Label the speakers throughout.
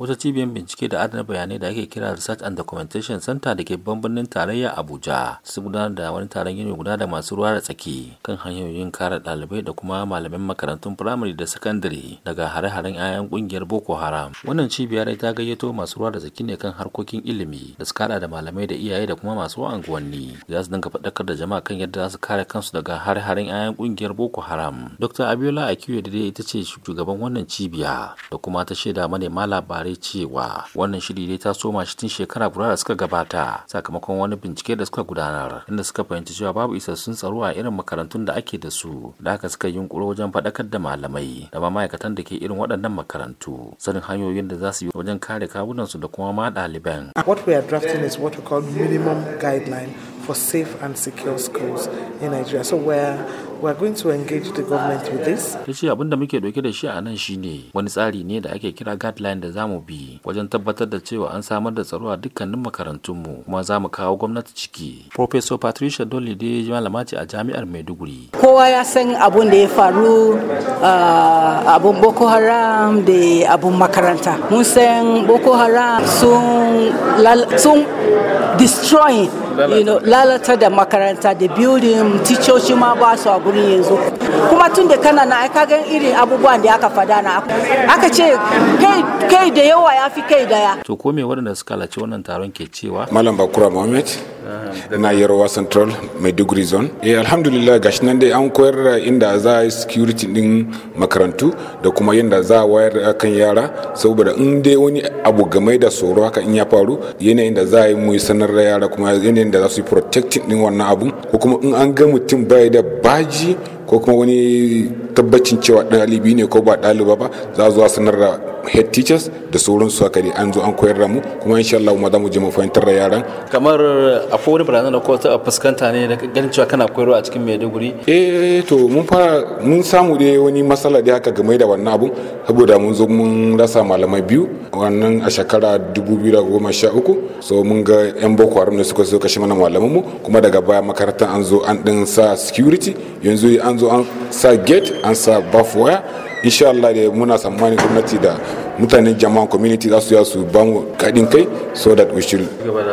Speaker 1: wata cibiyar bincike da adana bayanai da ake kira Research and Documentation Center da ke babban birnin tarayya Abuja su gudanar da wani taron yini guda da masu ruwa da tsaki kan hanyoyin kare ɗalibai da kuma malaman makarantun firamare da sakandare daga hare-haren 'ya'yan ƙungiyar Boko Haram. Wannan cibiyar ta gayyato masu ruwa da tsaki ne kan harkokin ilimi da kada da malamai da iyaye da kuma masu anguwanni za su dinga faɗakar da jama'a kan yadda za su kare kansu daga hare-haren 'ya'yan ƙungiyar Boko Haram. Dr. Abiola Akiyo da ita ce shugaban wannan cibiya da kuma ta shaida manema labarai ya cewa wannan shiri dai ta soma shi tun shekara guda da suka gabata sakamakon wani bincike da suka gudanar inda suka fahimci cewa babu isassun tsaro a irin makarantun da ake da su da haka suka yunkuro wajen faɗakar da malamai da ma ma'aikatan da ke irin waɗannan makarantu sanin hanyoyin da za su yi wajen kare kawunansu da kuma ma ɗaliban.
Speaker 2: What we are drafting is what we call minimum guideline for safe and secure schools in Nigeria. So we're we're going to engage the government with this. Ta
Speaker 1: ce abin da muke dauke da shi a nan shine wani tsari ne da ake kira guideline da zamu bi wajen tabbatar da cewa an samar da tsaro a dukkanin makarantunmu kuma za mu kawo gwamnati ciki. Professor Patricia Dolly da malama ce a jami'ar Maiduguri.
Speaker 3: Kowa ya san abun da ya faru ah, abun Boko Haram da abun makaranta. Mun san Boko Haram sun destroying lalata da makaranta da building ticoci ma ba su a gurin yanzu kuma tun da kana na aika gan irin abubuwan da aka fada na aka ce kai kai da yawa ya fi kai daya
Speaker 2: to ko me waɗanda suka halarci wannan taron ke cewa malam bakura Mohammed, na Yarowa central maiduguri zone eh alhamdulillah gashi nan dai an koyar da inda za a yi security din makarantu da kuma yadda za a wayar da kan yara saboda in dai wani abu game da tsoro haka in ya faru yanayin da za a yi mu sanar da yara kuma yanayin da za su yi din wannan abu ko kuma in an ga mutum bai da baji ko kuma wani tabbacin cewa ɗalibi ne ko ba ɗaliba ba za zuwa sanar da head teachers da sauransu haka dai an zo an koyar da mu kuma insha Allah ma za mu je mu fahimtar da yaran
Speaker 1: kamar a eh, akwai wani barazana ko ta fuskanta ne da ganin cewa kana koyarwa a cikin Maiduguri
Speaker 2: eh to mun fara mun samu dai wani matsala da haka game da wannan abun saboda mun zo mun rasa malamai biyu wannan a shekara 2013 so mun ga yan boko haram ne suka zo kashe mana malamai mu kuma daga baya makarantar an zo an din sa security yanzu an zo an sa gate an sa wire insha Allah da muna tsammanin gwamnati da mutanen jama'an community za su ya su ba kaɗin kai so that we should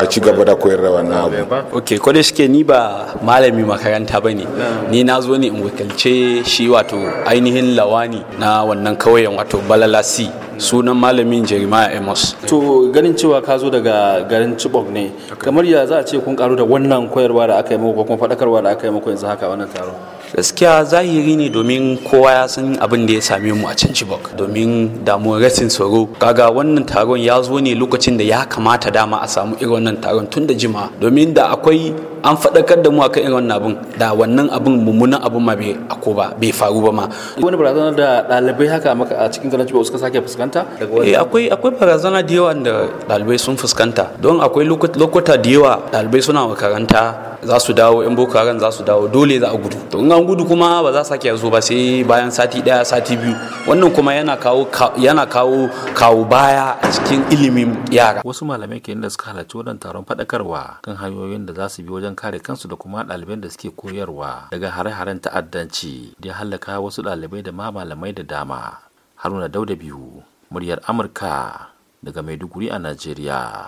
Speaker 2: a ci gaba da koyar da wannan
Speaker 3: abu. ok ko da ni ba malami makaranta ba ne ni na zo ne in wakilce shi wato ainihin lawani na wannan kauyen wato balalasi sunan malamin jeremiah
Speaker 1: amos to ganin cewa ka zo daga garin chibok ne kamar ya za a ce kun karu da wannan koyarwa da aka yi muku kuma faɗakarwa da aka yi muku yanzu haka wannan taron
Speaker 3: gaskiya zahiri ne domin kowa ya san abin da ya same mu a can Chibok domin damuwar rasin tsaro kaga wannan taron ya zo ne lokacin da ya kamata dama a samu irin wannan taron tun da jima domin da akwai an faɗakar da mu akan irin wannan abin da wannan abin mummunan abin ma bai ako ba bai faru ba
Speaker 1: ma wani barazana da ɗalibai haka maka a cikin garin Chibok suka sake fuskanta eh akwai akwai
Speaker 3: barazana da yawa da ɗalibai sun fuskanta don akwai lokuta da yawa ɗalibai suna makaranta za su dawo yan boko haram za su dawo dole za a gudu to in an gudu kuma ba za sake zo ba sai bayan sati daya sati biyu wannan kuma yana kawo yana kawo kawo baya a cikin ilimin yara
Speaker 1: wasu malamai kenan da suka halarci wannan taron fadakarwa kan hanyoyin da za su bi wajen kare kansu da kuma ɗaliban da suke koyarwa daga hare-haren ta'addanci da halaka hallaka wasu ɗalibai da ma malamai da dama haruna dauda biyu muryar amurka daga maiduguri a najeriya